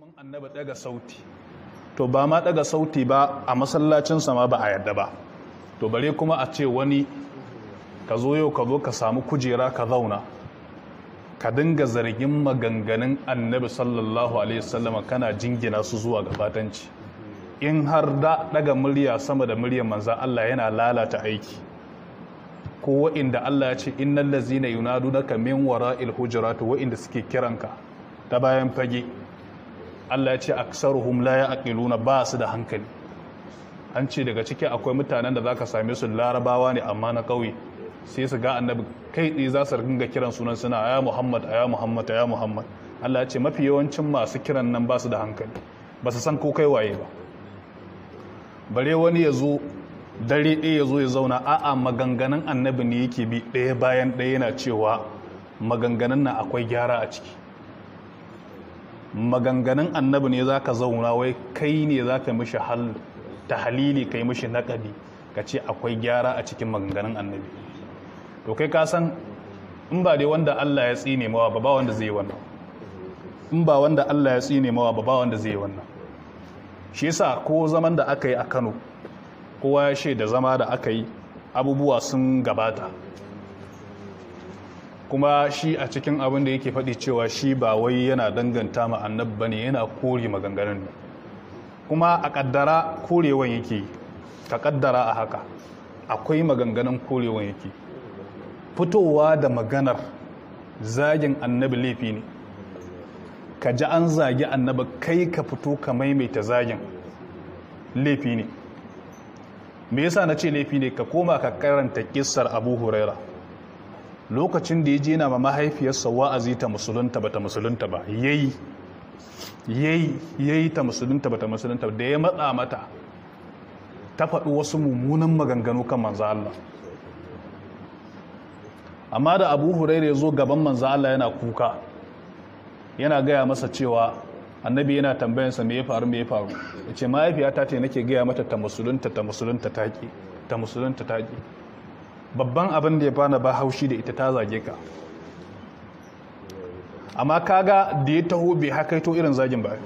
domin annabi daga sauti to ba ma daga sauti ba a masallacin sama ba a yadda ba to bare kuma a ce wani ka zo yau ka zo ka samu kujera ka zauna ka dinga zargin maganganun annabi sallallahu alaihi wasallam kana jingina su zuwa gabatanci. in har da daga murya sama da muryar manza Allah yana lalata aiki ko wa'inda Allah ya ce innal ladzina yunadunaka min wara'il hujurati wa'inda suke kiranka ta bayan fage Allah ya ce aksaruhum la yaqiluna ba su da hankali an ce daga ciki akwai mutanen da zaka same su larabawa ne amma na kauye sai su ga annabi kai ɗi za su ringa kiran sunan suna ya Muhammad ya Muhammad ya Muhammad Allah ya ce mafi yawancin masu kiran nan ba su da hankali ba su san ko kai waye ba bare wani ya zo dare ɗaya ya zo ya zauna a'a maganganun annabi ne yake bi ɗaya bayan ɗaya yana cewa maganganun nan akwai gyara a ciki maganganun annabi ne za ka zauna wai kai ne za ka mishi hal tahlili kai mishi naƙabi. ka ce akwai gyara a cikin maganganun annabi to kai ka san in ba dai wanda Allah ya tsine mawa ba ba wanda zai wannan in ba wanda Allah ya tsine mawa ba ba wanda zai wannan shi yasa ko zaman da aka yi a Kano kowa ya shaida zama da aka yi abubuwa sun gabata kuma shi a cikin abin da yake faɗi cewa shi ba wai yana danganta ma ba ne yana kore maganganun ne kuma a kaddara korewan yake ka kaddara a haka akwai maganganun korewan yake fitowa da maganar zagin annabi laifi ne ka ji an zagi annaba kai ka fito ka maimaita zagin laifi ne me yasa na ce laifi ne ka koma ka karanta kissar abu huraira lokacin da ya je yana ma mahaifiyarsa wa'azi ta musulunta bata musulunta ba yayi yayi yayi ta musulunta bata musulunta ba da ya matsa mata ta faɗi wasu mummunan maganganu kan manzo Allah amma da Abu Hurairah ya zo gaban manzo Allah yana kuka yana gaya masa cewa annabi yana sa me ya faru me ya faru ya ce mahaifiyata ce nake gaya mata ta musulunta ta musulunta ta ta musulunta babban abin da ya fana ba haushi da ita ta zage ka amma kaga da ya taho bai hakaito irin zagin ba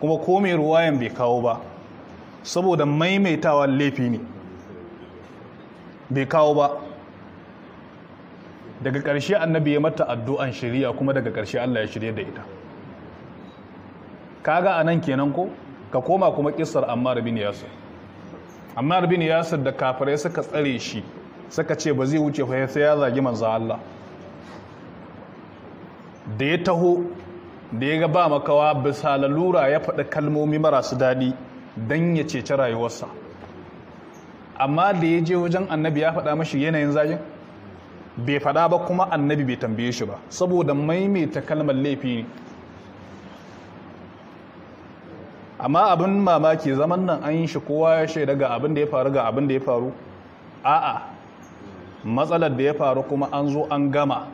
kuma ko mai ruwayan bai kawo ba saboda maimaitawa laifi ne bai kawo ba daga ƙarshe annabi ya mata addu'an shirya kuma daga ƙarshe Allah ya shirya da ita kaga nan kenan ko ka koma kuma ƙisar amma rabin Yasir amma rabin Yasir da kafirai suka tsare shi suka ce ba zai wuce fa sai ya zagi manzo Allah da ya taho da ya ga ba makawa bisa lalura ya faɗi kalmomi marasu daɗi don ya ceci rayuwarsa amma da ya je wajen annabi ya faɗa mashi yanayin zagin bai faɗa ba kuma annabi bai tambaye shi ba saboda maimaita kalmar laifi ne amma abin mamaki zaman nan an yi shi kowa ya shaida ga abin da ya faru ga abin da ya faru a'a matsalar da ya faru kuma an zo an gama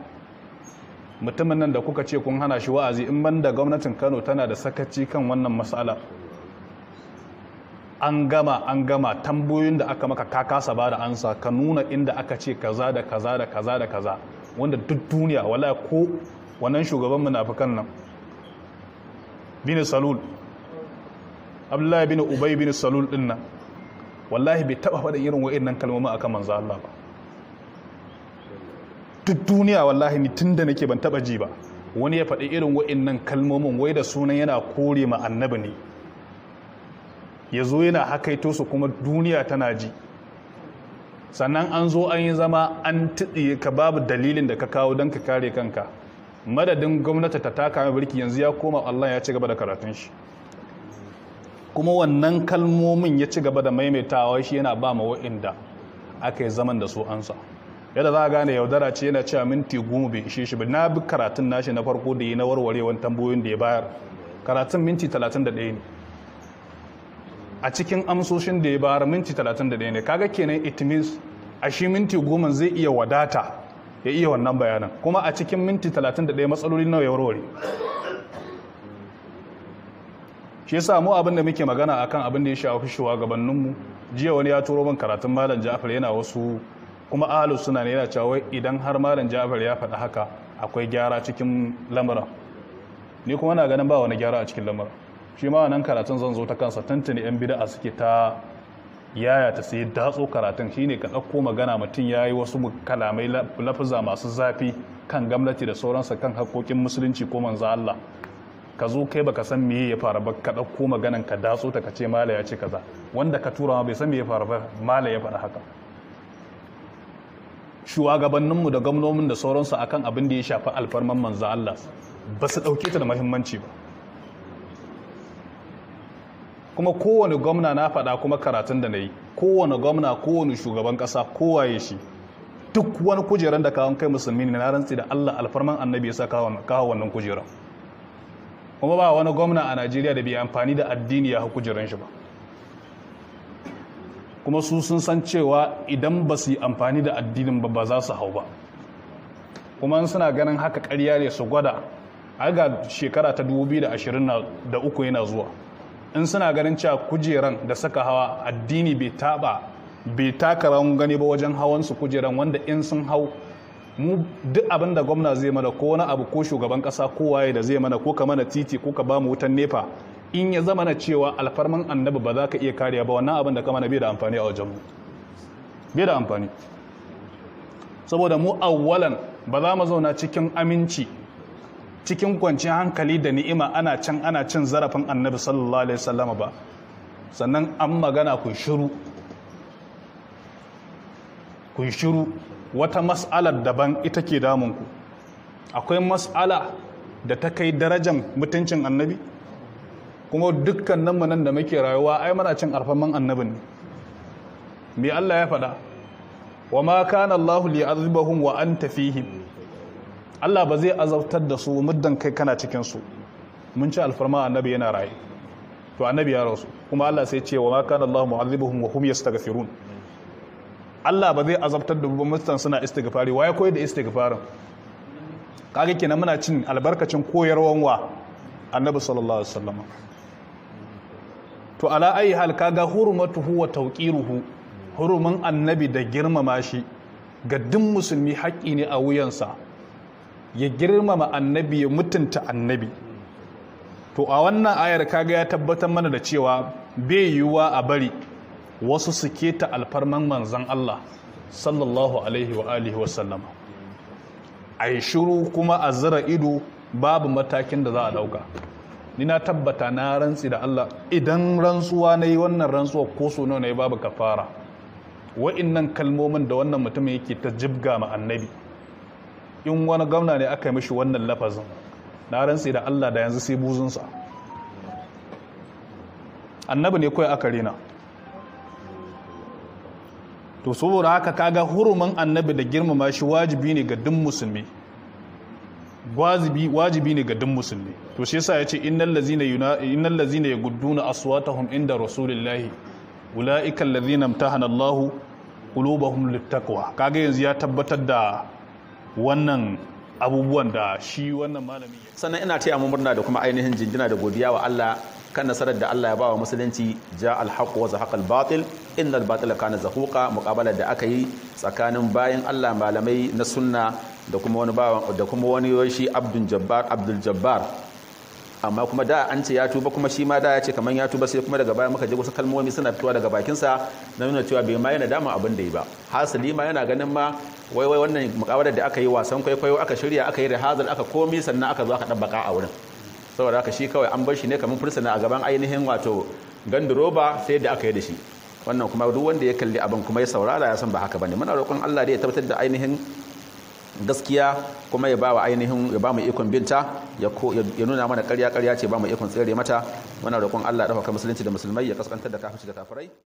mutumin nan da kuka ce kun hana shi wa'azi in ban da gwamnatin kano tana da sakaci kan wannan matsala, an gama an gama tambayoyin da aka maka ka kasa ba da ansa ka nuna inda aka ce kaza da kaza da kaza da kaza wanda duk duniya wala ko wannan shugaban munafikan nan bin salul abdullahi bin ubay bin salul din wallahi bai taba faɗin irin wa'annan kalmomi akan manzo Allah ba duk duniya wallahi ni tunda nake ban taba ji ba wani ya faɗi irin wa'innan kalmomin wai da sunan yana kore ma annabi ne ya zo yana hakaito su kuma duniya tana ji sannan an zo an yi zama an tiɗiye ka babu dalilin da ka kawo don ka kare kanka madadin gwamnati ta taka mai birki yanzu ya koma Allah ya ci gaba da karatun shi kuma wannan kalmomin ya ci gaba da maimaitawa shi yana ba ma wa'inda aka yi zaman da su ansa. yadda za a gane yaudara ce yana cewa minti goma bai ishe shi ba na bi karatun nashi na farko da yi na warwarewan tambayoyin da ya bayar karatun minti 31 ne a cikin amsoshin da ya bayar minti 31 ne kaga kenan it means a shi minti goma zai iya wadata ya iya wannan bayanan kuma a cikin minti 31 matsaloli nawa ya warware shi yasa mu abin da muke magana akan abin da ya shafi gabaninmu jiya wani ya turo min karatun malam Ja'far yana wasu kuma alu suna ne yana cewa idan har malam Ja'far ya faɗi haka akwai gyara cikin lamura ni kuma na ganin ba wani gyara a cikin lamura shi ma nan karatun zan zo ta kansa tantane yan bid'a a suke ta yaya ta sai datso karatun shine ka ɗauko magana mutum ya yi wasu kalamai lafuza masu zafi kan gamlati da sauransa kan haƙoƙin musulunci ko manzo Allah ka zo kai baka san me ya fara ba ka ɗauko maganan ka datso ta ka ce mala ya ce kaza wanda ka tura ma bai san me ya fara ba mala ya faɗa haka shugabanninmu da gwamnomin da sauransu akan abin da ya shafi alfarman manzo Allah ba su dauke ta da mahimmanci ba kuma kowane gwamna na faɗa kuma karatun da na yi kowane gwamna kowane shugaban ƙasa kowaye shi duk wani kujeran da kawon kai musulmi ne na rantsi da Allah alfarman annabi ya sa kawo wannan kujeran kuma ba wani gwamna a Najeriya da bai amfani da addini ya kujeran shi ba kuma su sun san cewa idan ba su yi amfani da addinin ba za su hau ba kuma suna ganin haka karya ne su gwada ga shekara ta 2023 yana zuwa in suna ganin cewa kujeran da saka hawa addini bai taba bai taka rawan gani ba wajen hawan su kujeran wanda in sun hau mu duk abin da gwamna zai mana ko wani abu ko shugaban kasa ko da zai mana ko ka mana titi ko ka ba mu wutan nefa in ya zama na cewa alfarman annabi ba za ka iya kariya ba wannan abin da kama na bai da amfani a wajen mu bai da amfani saboda mu awwalan ba za mu zauna cikin aminci cikin kwanciyar hankali da ni'ima ana can ana cin zarafin annabi sallallahu alaihi wasallama ba sannan an magana ku shiru ku shiru wata mas'alar daban ita ke damun ku akwai mas'ala da ta kai darajar mutuncin annabi kuma dukkanin mu nan da muke rayuwa ai muna cin alfaman annabin ne me Allah ya faɗa wa ma kana Allah li'azibahum wa anta fihim Allah ba zai azabtar da su muddan kai kana cikin su mun ci alfarma annabi yana raye to annabi ya rasu kuma Allah sai ce wa ma kana Allah mu'azibuhum wa hum yastaghfirun Allah ba zai azabtar da mutan suna istighfari waye koyi da istighfarin kaga kenan muna cin albarkacin koyarwan wa annabi sallallahu alaihi wasallam to ala ayi hal kaga hurmatuhu wa tawqiruhu hurumin annabi da girmama shi ga duk musulmi haƙƙi ne a wuyansa ya girmama annabi ya mutunta annabi to a wannan ayar kaga ya tabbatar mana da cewa bai yiwuwa a bari wasu su keta alfarman manzon Allah sallallahu alaihi wa alihi shiru kuma a zira ido babu matakin da za a dauka ni na tabbata na rantsi da Allah idan rantsuwa na yi wannan rantsuwa ko so nawa na yi babu kafara wa'innan kalmomin da wannan mutumin yake ta jibga ma annabi in wani gwamna ne aka yi mishi wannan lafazin na rantsi da Allah da yanzu sai buzunsa annabi ne kawai aka rina to saboda haka kaga hurumin annabi da girmama shi wajibi ne ga duk musulmi wajibi ne ga dun musulmi to shi yasa yace innal ladzina innal ladzina yagudduna aswatahum inda rasulillahi ulaika alladzina imtahana Allahu qulubahum littaqwa kaga yanzu ya tabbatar da wannan abubuwan da shi wannan malami sannan ina taya mu murna da kuma ainihin jinjina da godiya wa Allah kan nasarar da Allah ya bawa musulunci ja alhaq wa zahaq albatil innal batila kana zahuqa muqabala da aka yi tsakanin bayan Allah malamai na sunna da kuma wani bawan da kuma wani shi abdul jabbar amma kuma da an ce ya tuba kuma shi ma da ya ce kamar ya tuba sai kuma daga baya muka je wasu kalmomi suna fitowa daga bakinsa na nuna cewa bai ma yana dama abin da yi ba hasali ma yana ganin ma wai wai wannan mukawarar da aka yi wasan kwaikwayo aka shirya aka yi rihazal aka komi sannan aka zo aka dabbaka a wurin saboda haka shi kawai an bar shi ne kamar fursuna a gaban ainihin wato ganduroba sai da aka yi da shi wannan kuma duk wanda ya kalli abin kuma ya saurara ya san ba haka bane muna roƙon Allah da ya tabbatar da ainihin gaskiya kuma ya ba wa ainihin ya ba bamu ikon binta ya nuna mana karya karya ce ba mu ikon tsere mata muna roƙon Allah ya dafa musulunci da musulmai ya kaskantar da kafirci da kafirai